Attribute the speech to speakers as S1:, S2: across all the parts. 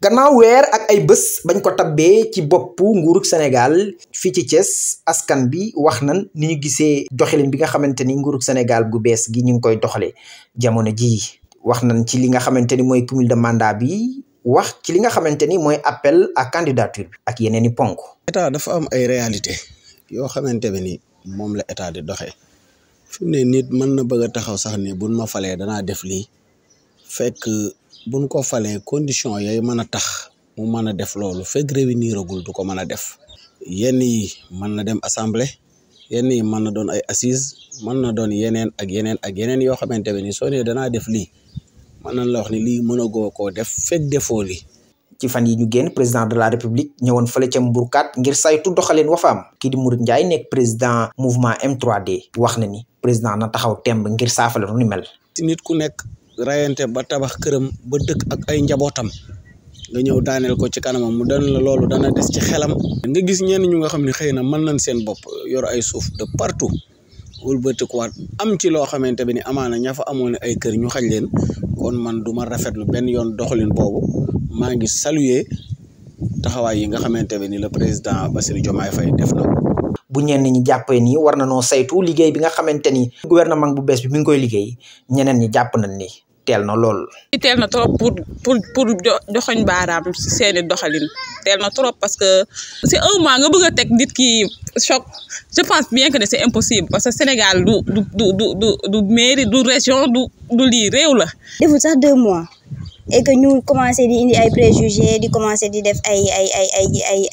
S1: gannaaw weer ak ay bës bañ ko tabee ci boppu nguurug Sénégal fii ci Thiès askan bi wax nan ni ñu gisee doxelin bi nga xamante ni nguurug Sénégal gu bees gi ñu ngi koy doxalee jamono jii wax nan ci li nga xamante ni mooy cumul de mandat bi wax ci
S2: li nga xamante ni mooy appel ak candidature bi ak yeneen i ponk. état dafa am ay réalité yoo xamante ne ni moom la état di doxe fu ne nit mën na bëgg a taxaw sax ni buñ ma falee danaa def lii fekk. buñ ko falee condition yooyu mën a tax mu mën a def loolu fekk réunir agul du ko mën a def yenn yi man na dem assemblée yenn yi mën na doon ay assises mën na doon yeneen ak yeneen ak yeneen yoo xamante ne nii soo nee danaa def lii mën nañ la wax ni lii mën a goo koo def fekk defoo lii
S1: ci fan yi ñu génn président de la république ñëwoon fële ca mburkat ngir saytu doxaleen wafaam kii di Mouride Ndiaye nekk président mouvement M3D wax na ni président na taxaw temb ngir saafara nu
S2: mel. rayante ba tabax këram ba dëkk ak ay njabootam nga ñëw daaneel ko ci kanamam mu doon la loolu dana des ci xelam nga gis ñenn ñu nga xam ne xëy na man nañ seen bopp yor ay suuf de partout wëlbatikuwaat am ci loo xamante bi ni amaana ña fa amoon ay kër ñu xaj leen kon man du ma rafetlu benn yoon doxalin boobu maa ngi saluer taxawaay yi nga xamante ne ni le président Bassirou Diomaye Faye def na
S1: bu ñenn ñi jàppee nii war na noo saytu liggéey bi nga xamante ni gouvernement bu bees bi mi ngi koy liggéey ñeneen ñi jàpp nañ ni teel na lool.
S3: teel na trop pour pour pour joxoñ baaraam seen i doxalin teel na trop parce que si un mois nga bëgg a teg nit ki choc je pense bien que ne c'est impossible parce que Sénégal du du du du du mairie du région du du lii réew la.
S4: deful sax deux mois. et que ñu commencé di indi ay préjugés di commencé di def ay ay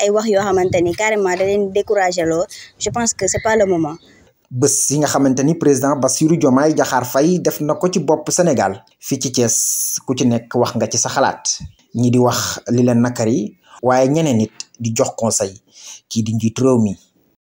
S4: ay wax yoo xamante ni carrément da leen découragé loo je pense que c'est pas le moment.
S1: bës yi nga xamante ni président Bassirou Diomaye jaxaar fay def na ko ci bopp Sénégal fii ci cees ku ci nekk wax nga ci sa xalaat ñi di wax
S4: li leen nakari waaye ñeneen it di jox conseil kii di njiit réew mi